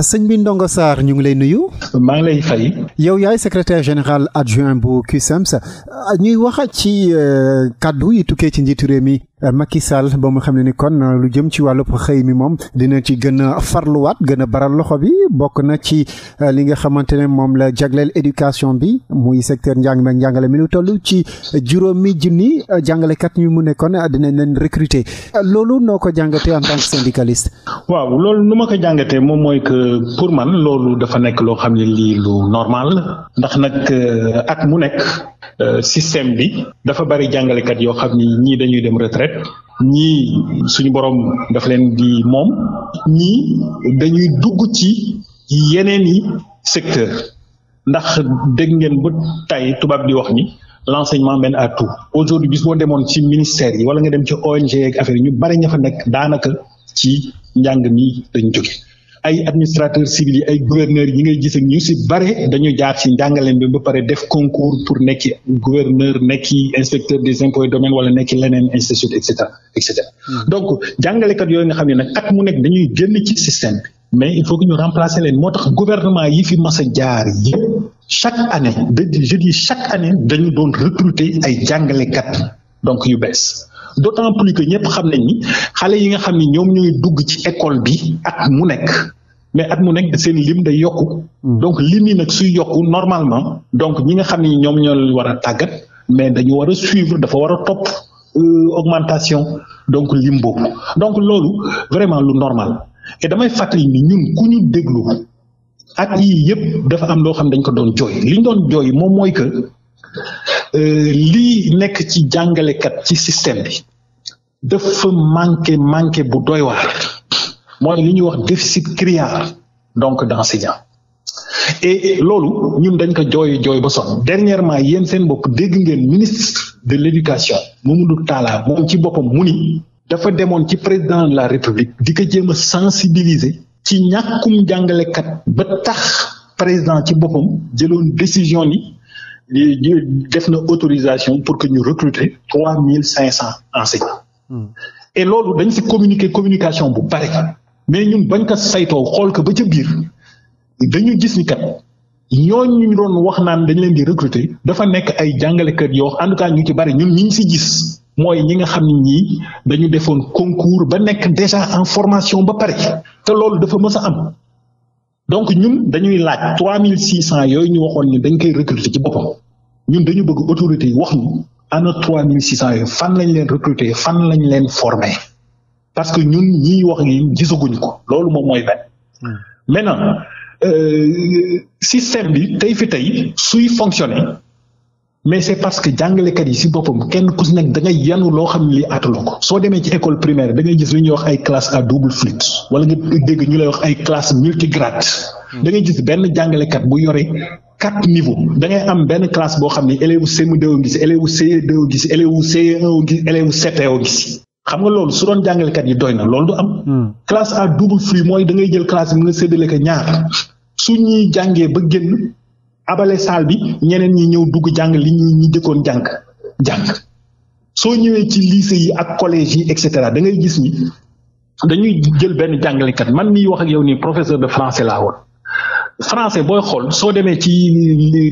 Ah, sëñ bi Ndongo Sarr ñu ngi lay nuyu. maa ngi lay fay. yow yaay secrétaire général adjoint bu CUSEMS ah, ñuy wax ci euh, kàddu yi tukkee ci njiitu réew mi Macky Sall ba mu xam ne ni kon lu jëm ci wàllub xëy mi moom dina ci gën a farluwaat gën a baral loxo bi bokk na ci euh, li nga xamante ne moom la jagleel éducation bi muy secteur njàng meek njàngale mi lu toll ci juróomi junni euh, jàngalekat ñu mu ne kon euh, dinañ leen recruter loolu noo ko jàngatee en tant que syndicaliste. waaw loolu nu ma ko jàngatee moom mooy que pour man loolu dafa nekk loo xam ne lii lu normal ndax nag ak mu nekk système bi dafa bari jàngalekat yoo xam ni dañuy dem rek ñii suñu borom daf leen di moom ñii dañuy dugg ci yeneen i secteur ndax dégg ngeen ba tey tubaab di wax ni l'enseignement mène à tout aujourd'hui bis boo demoon ci ministère yi wala nga dem ci ONG ak affaire ñu bari ña fa nekk daanaka ci njàng mi dañ jóge ay administrateurs civils yi ay gouverneurs yi ngay gis ak ñu si bare dañu jaar ci njàngaleen bi ba pare def concours pour nekki gouverneur nekki inspecteur des impôts et domaines wala nekki leneen institut et cetera et cetera hmm. donc jàngalekat yooyu nga xam ne nag at mu nekk dañuy génn ci système mais il faut que ñu remplacer leen moo tax gouvernement yi fi mas jaar yëpp chaque année de je dis chaque année dañu doon recruter ay jàngalekat donc yu bees d'autant plus que ñëpp xam nañ ni xale yi nga xam ne ñoom ñooy dugg ci école bi at mu nekk mais at mu nekk seen lim day yokku. Hmm. donc lim yi nag suy yokku normalement. donc ñi nga xam ni ñoom ñoo war a tàggat mais dañu war a suivre dafa war a topp euh, augmentation donc lim boobu donc loolu vraiment lu normal et damay fàttali ni ñun ku ñu déglu at yi yëpp dafa am loo xam dañ ko doon jooy li ñu doon jooy moom mooy que. Euh, lii nekk ci kat ci système bi dafa manqué manqué bu doy waar mooy li ñuy wax déficit criard donc d'enseignants et loolu ñun dañ ko jooy jooy ba sonn dernièrement yéen seen bopp dégg ngeen ministre de l'éducation Mamadou Talla moom ci boppam mu ni dafa demoon ci président de la république di ko jéem a sensibiliser ci ñàkkum jàngalekat ba tax président ci boppam jëloon décision ni def na autorisation pour que ñu recruter trois mille cinq cents enseignants hmm. et loolu dañ si communiquer communication bu bare mais ñun bañ ko saytoo xool ko ba ca biir dañu gis ni kat ñooñu ñu doon wax naan dañ leen di recruter dafa nekk ay jàngalekat yoo en ñu ci bari ñun ñu ngi si gis mooy ñi nga xam ne ñii dañu defoon concours ba nekk déjà en formation ba pare te loolu dafa mës a am donc ñun dañuy laaj trois mille six cent yooyu ñu waxoon ni dañ koy recruter ci boppam ñun dañu bëgg autorité yi wax ñu ana trois mille six cent yooyu fan lañ leen recruter fan lañ leen former parce que ñun ñiy wax yi gisaguñu ko loolu moom mooy benn. maintenant euh, système bi tey fi tey suy fonctionner mais c'est parce que jàngalekat yi si boppam kenn ku ci nekk da ngay yanu loo xam ne lii atuloo ko soo demee ci école primaire dangay ngay gis lu ñuy wax ay classes à double flux wala nga dégg ñu lay wax ay classes multigrades. Hmm. da ngay gis benn jàngalekat bu yore quatre niveaux da ngay am benn classe boo xam ne élève CM2 ngi ci élève CE2 ngi ci xam nga loolu su doon jàngalekat yi doy na loolu du am. Hmm. classe à double flux mooy da ngay jël classe bi nga séddale ko ñaar su ñuy jàngee ba génn abale saal bi ñeneen ñi ñëw dugg jàng li ñuy ñi jëkkoon jàng jàng soo ñëwee ci lycée yi ak collège yi et cetera da ngay gis ni dañuy jël benn jàngalekat man miy wax ak yow nii professeur de français laa woon. français booy xool soo demee ci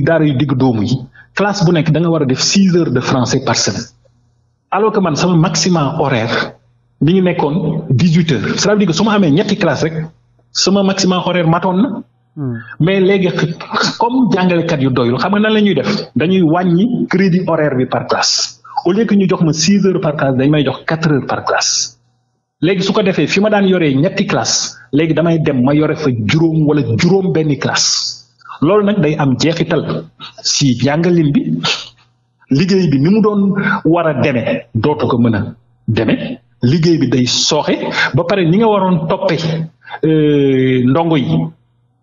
daara yu digg doomu yi classe bu nekk da nga war a def six heures de français par semaine. alors que man sama maximum horaire bi ñu nekkoon dix huit heures ça su ma amee ñetti classe rek suma maximum horaire matoon na. Hmm. mais léegi comme jàngalekat yu doyul xam nga nan la ñuy def dañuy wàññi crédit horaire bi par classe au lieu que ñu jox ma six heures par classe dañ may jox quatre heures par classe léegi su ko defee fi ma daan yoree ñetti classe léegi damay dem ma yore fa juróom wala juróom benni classe loolu nag day am jeexital si jàngalin bi liggéey bi ni mu doon war a demee dootu ko mën a demee liggéey bi day soxe ba pare ni nga waroon toppe euh, ndongo yi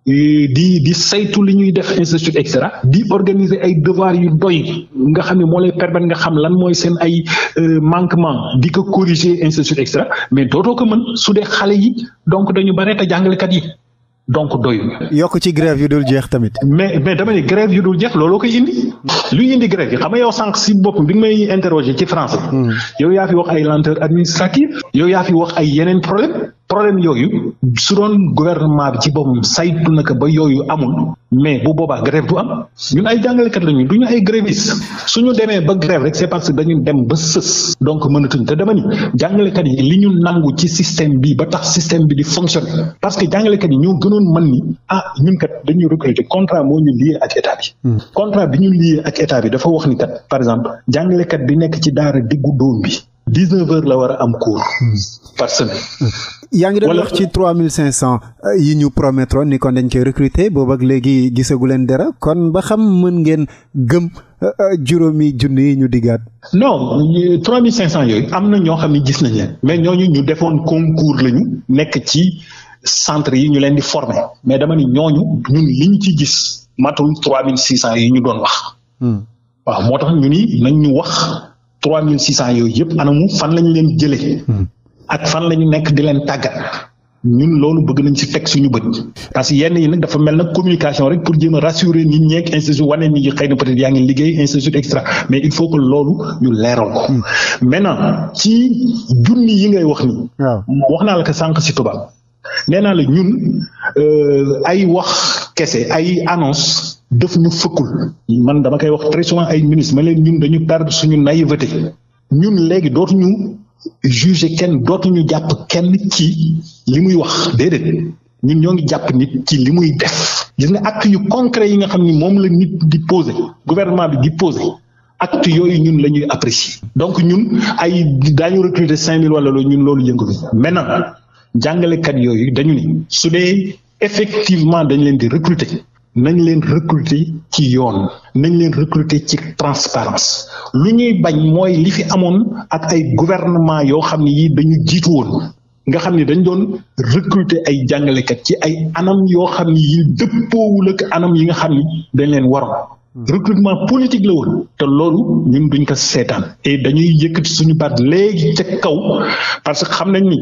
euh, di di saytu li ñuy def institut et di organiser ay devoir yu doy nga xam ne moo lay permettre nga xam lan mooy seen ay euh, manquement di ko corriger institut et cetera mais dootoo ko mën su dee xale yi donc dañu bare te jàngalekat yi donc doyul. yokk ci grève yu dul jeex tamit. mais mais damay ni grève yu dul jeex looloo koy indi. luy indi grève yi xam nga yow sànq si boppam bi nga may interroger ci français. Hmm. yow yaa fi wax ay lenteur administrative. yow yaa fi wax ay yeneen problème problème yooyu su doon gouvernement bi ci boppam saytu na ko ba yooyu amul mais bu boobaa grève du am ñun ay jàngalekat la ñu du ñu ay grévistes suñu demee ba grève rek c'est parce que dañu dem ba sës donc mënatuñ te dama ni jàngalekat yi li ñu nangu ci système bi ba tax système bi di fonctionner parce que jàngalekat yi ñoo gënoon man ni ah ñun kat dañuy recruter contrat moo ñu lié ak état bi hmm. contrat bi ñu lié ak état bi dafa wax ni kat par exemple jàngalekat bi nekk ci daara diggu dóom bi dix-neuf heures la war a am cours par semaine yaa ngi doon wax ci trois mille cinq cent euh, yi ñu promettroon ni kon dañ koy recruter boobu ak léegi gisagu leen dara kon ba xam mën ngeen gëm euh, euh, juróomi junni yi ñu diggaat non trois mille cinq cent yooyu am na ñoo xam ne gis nañ leen mais ñooñu ñu defoon concours lañu nekk ci centre yi ñu leen di forme mais dama ni ñooñu ñun liñ ci gis matul trois cent yi ñu doon wax hmm. waaw moo tax ñu ni nañ ñu wax trois mille six cent yooyu yëpp anamu fan lañu leen jëlee. Hmm. ak fan lañu nekk di leen tàggat. ñun loolu bëgg nañ si teg suñu bët parce que yenn yi nag dafa mel na communication rek pour jéem a rassurer nit ñeeg institut wane nit xëy na peut-être yaa ngi liggéey institut extra mais loolu ñu leeral ko. Hmm. maintenant ci junni yi ngay wax ni wax naa la ko sànq si tubaab nee naa la ñun euh, ay wax kese ay annonce def ñu fëkkul man dama koy wax très souvent ay ministre ma leen ñun dañu perdre suñu naïveté ñun léegi dootuñu juger kenn dootuñu jàpp kenn ci li muy wax déedéet ñun ñoo ngi jàpp nit ci li muy def gis nga acte yu concret yi nga xam ni moom la nit di poser gouvernement bi di poser acte yooyu ñun la ñuy apprécier donc ñun ay daañu recruter cinq mille wala loolu ñun loolu yëngu bi maintenant jàngalekat yooyu dañu ni su dee effectivement dañ leen di recruter nañ leen recruter ci yoon nañ leen recruter ci transparence li ñuy bañ mooy li fi amoon ak ay gouvernement yoo xam ne yi dañu jiitu woon nga xam ne dañ doon recruter ay jàngalekat ci ay anam yoo xam ne yi dëppoowul ak anam yi nga xam ni dañ leen waroon recrutement politique la woon te loolu ñun duñ ko seetaan et dañuy yëkkati suñu baat léegi ca kaw parce que xam nañ ni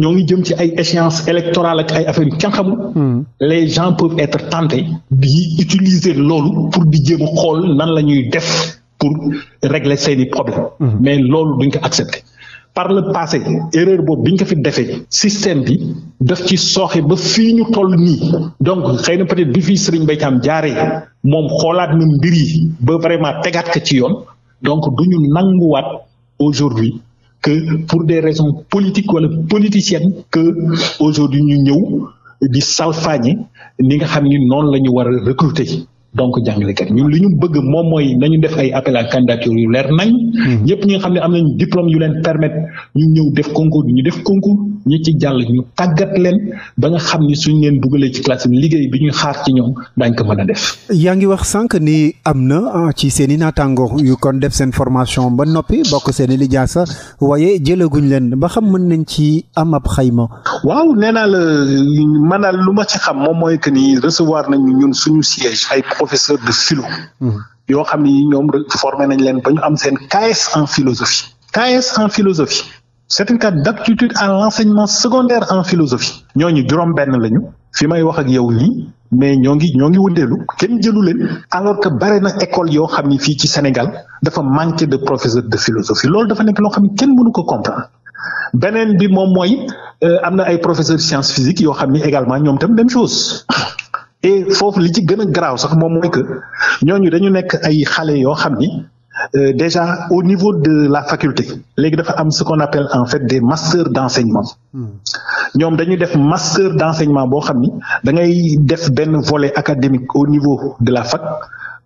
ñoo ngi jëm ci ay échéances électorales ak ay affaires yu kenn xamul. Hmm. les gens peuvent être tentés di utiliser loolu pour di jéem a xool nan la ñuy def pour régler seeni problème hmm. mais loolu duñ ko accepter. par le passé erreur boobu biñ ko fi defee système bi def ci sooxe ba fii ñu toll nii donc xëy na peut-être bi fii Serigne Mbaye Thiam jaaree moom xoolaat na mbir yi ba vraiment tegaat ko ci yoon donc du ñu nanguwaat aujourd'hui que pour des raisons politiques wala politiciennes que aujourd'hui ñu ñëw di salfaañe ni nga xam ni noonu la ñu war a recruter donc jàngalekat ñun li ñu bëgg moom mooy nañu def ay appel à candidature yu leer nañ. ñëpp hmm. ñi xam ne am nañu diplôme yu leen permettre ñu ñëw def concours ñu def concours ñi ci jàll ñu tàggat leen ba nga xam ni suñ leen dugalee ci classe liggéey bi ñuy xaar ci ñoom daañ ko mën a def. yaa ngi wax sànq ni am na ah, ci seen i naataango yu kon def seen formation ba noppi bokk seen i lijaasa waaye jëlaguñ leen ba xam mën nañ ci am ab xayma. waaw nee naa la maanaam lu ma ci xam moom mooy que ni recevoir nañ ñun suñu siège ay professeur de philo. Hmm. yoo xam ni ñoom formé nañ leen ba ñu am seen KS en philosophie. KS en philosophie. certificat d'aptitude à l'enseignement secondaire en philosophie. ñooñu juróom-benn lañu. fi may wax ak yow nii. mais ñoo ngi ñoo ngi wëndeelu kenn jëlu leen alors que bare na école yoo xam ni fii ci Sénégal dafa manqué de professeur de philosophie loolu dafa nekk loo xam ni kenn mënu ko comprendre beneen bi moom mooy euh, am na ay professeur sciences physiques yoo xam ni également ñoom tam même chose et foofu li ci gën a garaaw sax moom mooy que ñooñu dañu nekk ay xale yoo xam ni euh, déjà au niveau de la faculté léegi dafa am ce qu'on en fait des masters d'enseignement hmm. ñoom dañuy def master d'enseignement boo xam ni da ngay def benn volet académique au niveau de la fac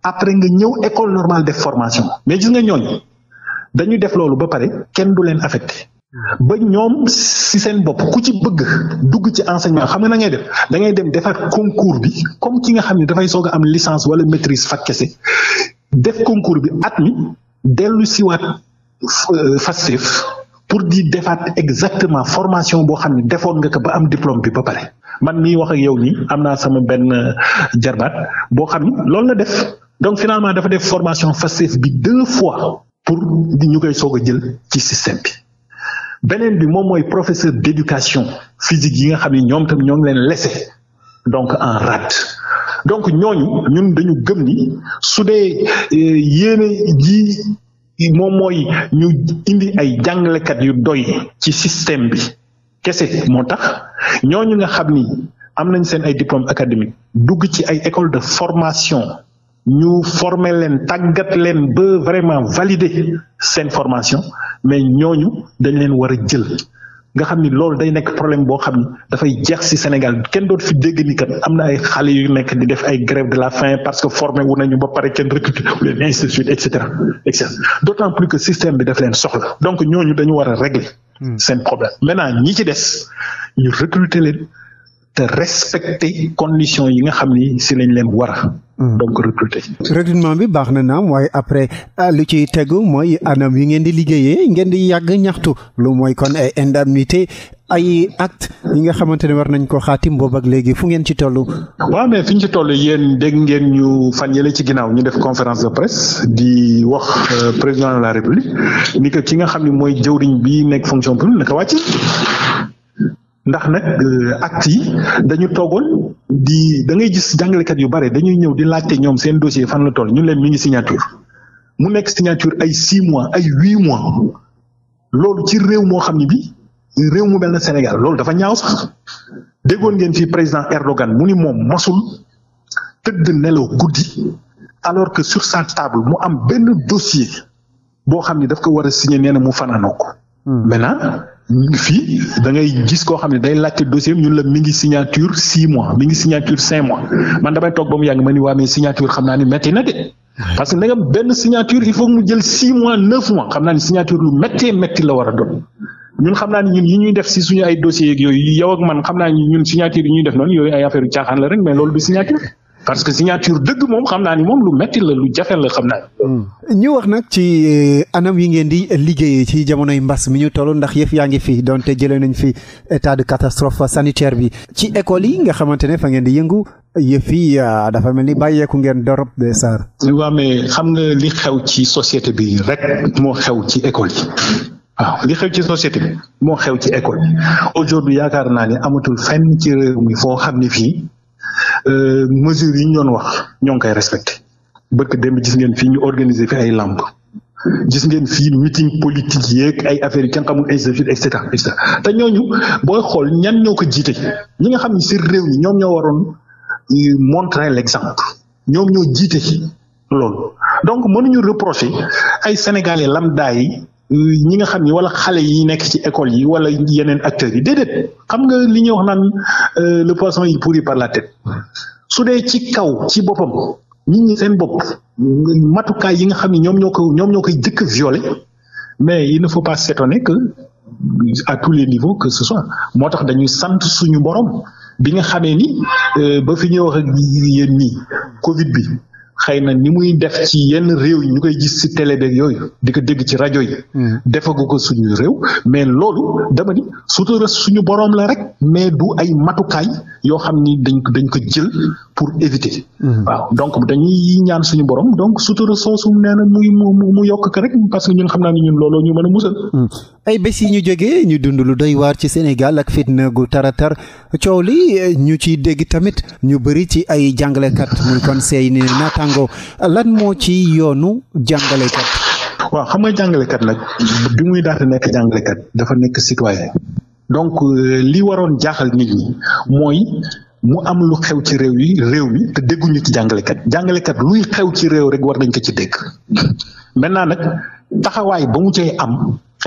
après nga ñëw école normale def formation mais gis nga ñooñu dañuy def loolu ba pare kenn du leen affecté ba ñoom si seen bopp ku ci bëgg dugg ci enseignement xam nga na ngay dem da ngay dem defar concours bi comme ki nga xam ne dafay soog am licence wala maîtrise fac kese def concours bi at mi dellu siwaat Fastef euh, pour di defaat exactement formation boo xam ne defoon nga ko ba am diplôme bi ba pare man mii wax yow nii am naa sama benn euh, jarbaat boo xam ne loolu la def donc finalement dafa def formation Fastef bi deux fois pour di ñu koy soog a jël ci système bi. beneen bi moom mooy professeur d'éducation physique yi nga xam ni ñoom tam ñoo ngi leen laissé donc en rade donc ñooñu ñun dañu gëm ni su dee euh, yéene ji moom mooy ñu indi ay jàngalekat yu doy ci système bi kese moo tax ñooñu nga xam ni am nañ seen ay diplôme académique dugg ci ay école de formation ñu former leen tàggat leen ba vraiment valider seen formation mais ñooñu dañ leen war a jël nga xam ni loolu dañ nekk problème boo xam ni dafay jeex ci Sénégal kenn dootu fi dégg ni kat am na ay xale yu nekk di def ay grève de la faim parce que formé wu nañu ba pare kenn recruté leen ainsi de suite et cetera et cetera plus que système bi daf leen soxla donc ñooñu dañu war a régler hmm. seen problème maintenant ñi ci des ñu recruter leen. te respecter conditions yi nga xam ni si lañ leen war a. Hmm. donc recruter. bi baax na naam waaye après ah, lu ciy tegu mooy anam yi ngeen di liggéeyee ngeen di yàgg ñaxtu lu mooy kon ay indemnité ay acte yi nga xamante ne war nañ ko xaatim boobu ak léegi fu ngeen ci tollu waaw mais fu ñu ci toll yéen dégg ngeen ñu fan yële ci ginnaaw ñu def conférence de presse di wax euh, président de la république ni que ki nga xam ni mooy jëwriñ bi nekk fonction publique naka wàcc. ndax nag euh, actes yi dañu toogoon di da ngay gis jàngalekat yu bare dañuy ñëw di laajte ñoom seen dossier fan la toll ñu leen mi ngi signature mu nekk signature ay six mois ay huit mois loolu ci réew moo xam ne bi réew mu mel na Sénégal loolu dafa ñaaw sax déggoon ngeen fi président Erdogan mu ni moom mosul tëdd nelaw guddi alors que sur table mu am benn dossier boo xam ni daf ko war a signé nee na mu fanaanoo ko hmm. maintenant fii da ngay gis koo xam ne day laajte dossier ñun la mi ngi signature six mois mi ngi signature cinq mois man damay toog ba mu yàgg ma ni waa mais signature xam naa ni métti na de parce que na nga benn signature il faut mu jël six mois neuf mois xam naa ni signature lu méttee métti la war a doon ñun xam naa ni ñun yi ñuy def si suñu ay dossiers yeeg yooyu yow ak man xam naa ni ñun signature yi ñuy def noonu yooyu ay affaire yu caaxaan la rek mais loolu du signature parce que signature dëgg moom xam naa ni moom lu metti la lu jafe la xam naa. Hmm. ñu wax nag ci eh, anam yi ngeen di liggéeye ci jamonoy mbas mi ñu toll ndax yëf yaa ngi fi donte jëlee nañu fi état de catastrophe sanitaire bi ci école yi nga xamante ne fa ngeen di yëngu yëf yi ah, dafa mel ni bàyyeeku ngeen dorop de sar waaw mais xam nga li xew ci société bi rek moo xew ci école yi. waaw li xew ci société moo xew ci école yi aujourd'hui yaakaar naa ne amatul fenn foo xam ne fii Euh, mesures yi ñu doon wax ñoo ngi koy respecté bëkk démb gis ngeen fii ñu organiser fi ay làmb gis ngeen fii meeting politique yeeg ay affaires yi kenn xamul et cetera et cetera te ñooñu booy xool ñan ñoo ko jiite ñi nga xam ne si réew ñi ñoom ñoo waroon euh, montrer l'exemple ñoom ñoo jiite loolu donc mënuñu reprocher ay sénégalais lambda yi ñi nga xam ni wala xale yi nekk ci école yi wala yeneen acteurs yi déedéet xam nga li ñuy wax naan euh, le yi pour yi par la tête su dee ci kaw ci boppam nit ñi seen bopp matukaay yi nga xam ni ñoom ñoo ko ñoom ñoo koy jëkk violé mais il ne faut pas s'étonner que à tous les niveaux que ce soit moo tax dañuy sant suñu borom bi nga xamee ni euh, ba fi ñuy wax ak yéen ni Covid bi xëy na ni muy def ci yenn réew yi ñu koy gis ci télé beeg yooyu di ko dégg ci rajo yi. Hmm. defagu ko suñu réew mais loolu dama ni sutura suñu boroom la rek mais du ay matukaay yoo xam ni dañ ko dañ ko jël pour éviter. Hmm. waaw donc dañuy ñaan suñu boroom donc sutura soosu nee na muy mu mu yokk ko rek parce que ñun xam naa ni ñun looloo ñu mën a musal. Hmm. ay bés yi ñu jógee ñu dund lu doy waar ci Sénégal ak fitna gu tar coow li ñu ciy dégg tamit ñu bëri ci ay jàngalekat muy kon seey ni naataango lan moo ci yoonu jàngalekat. waaw xam nga jàngalekat nag bi muy daata nekk jàngalekat dafa nekk citoyen donc euh, li waroon jaaxal nit ñi mooy. mu am lu xew ci réew yi réew mi te dégguñu ci jàngalekat jàngalekat luy xew ci réew rek war nañ ko ci dégg maintenant nag taxawaay ba mu cay am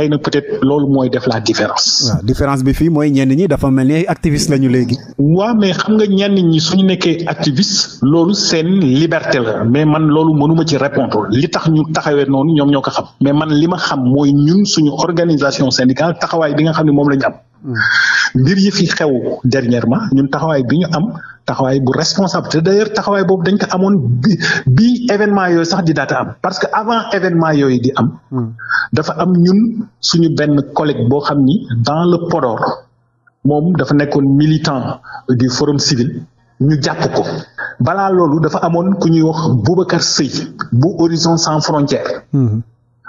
xëy na peut-être loolu mooy def la différence. waaw bi fii mooy ñenn ñi dafa mel ni activiste lañu léegi. waaw mais xam nga ñenn ñi suñu nekkee activiste loolu seen liberté la mais man loolu mënuma ci répondre li tax ñu taxawee noonu ñoom ñoo ko xam mais man li ma xam mooy ñun suñu organisation syndicale taxawaay bi nga xam ne moom la ñu am. Hmm. mbir yi fi xew dernièrement ñun taxawaay bi ñu am. taxawaay bu responsable te d'ailleurs taxawaay boobu dañ ko amoon bi bi événement yooyu sax di daata am parce que avant événement yooyu di am hmm. dafa am ñun suñu benn collègue boo xam ni dans le Podor moom dafa nekkoon militant di forum civil ñu jàpp ko balaa loolu dafa amoon ku ñuy wax Boubacar Seye bu Horizon sans frontières hmm.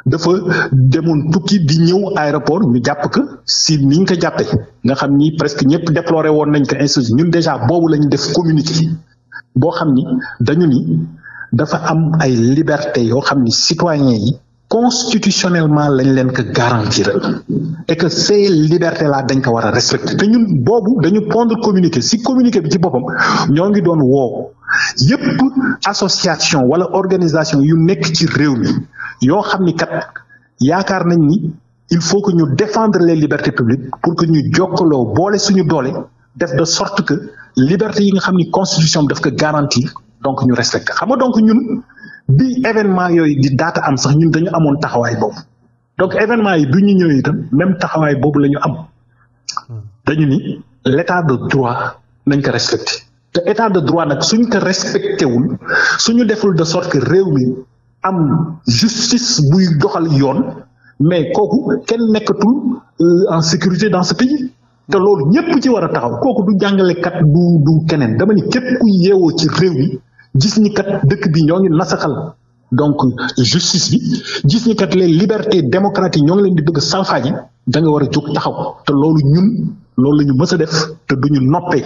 dafa demoon tukki bi ñëw aéroport ñu jàpp ko si niñ ko jàppee nga xam ni presque ñëpp déploré woon nañ ko institut ñun déjà boobu la ñu def communiqué boo xam ni dañu ni dafa am ay liberté yoo xam ni citoyen yi constitutionnellement lañ leen ko garantiral et que ces libertés là dañ ko war a respecter te ñun boobu dañu pondre communiqué si communiqué bi ci boppam ñoo ngi doon woo yépp association wala organisation yu nekk ci réew mi yoo xam ni kat yaakaar nañ ni il faut que ñu défendre les libertés publique pour que ñu jokkaloo boole suñu doole def de sorte que liberté yi nga xam ni constitution bi daf ko garantir donc ñu respecter xam donc ñun bi événement yooyu di daata am sax ñu dañu amoon taxawaay boobu donc événement yi bi ñu ñëwee itam même taxawaay boobu la ñu am dañu ni l'état de droit nañ ko respecté te état de droit nag suñ ko respecté wul suñu deful de sorte que réew mi am justice buy doxal yoon mais kooku kenn nekkatul euh, en sécurité dans ce pays te loolu ñëpp ci war a taxaw kooku du jàngalekat du du keneen dama ni képp kuy yeewoo ci réew mi gis ni kat dëkk bi ñoo ngi nasaxal donc justice bi gis ni kat les libertés démocratiques ñoo ngi leen di bëgg salfaaji da nga war a jóg taxaw te loolu ñun loolu la ñu mës a def te du ñu noppee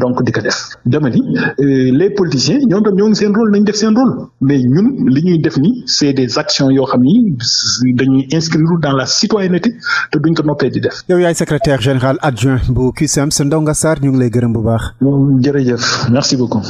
donc di ko def dama ni euh, les politiciens ñoom tam ñoo ngi seen rôle nañ def seen rôle mais ñun li ñuy def ni c'est des actions yoo xam ni dañuy inscrire dans la citoyenneté te duñ ko noppee di def. yow yaay secrétaire général adjoint bu CUSEMS e Ndonga saar ñu ngi lay gërëm bu baax. jërëjëf merci beaucoup.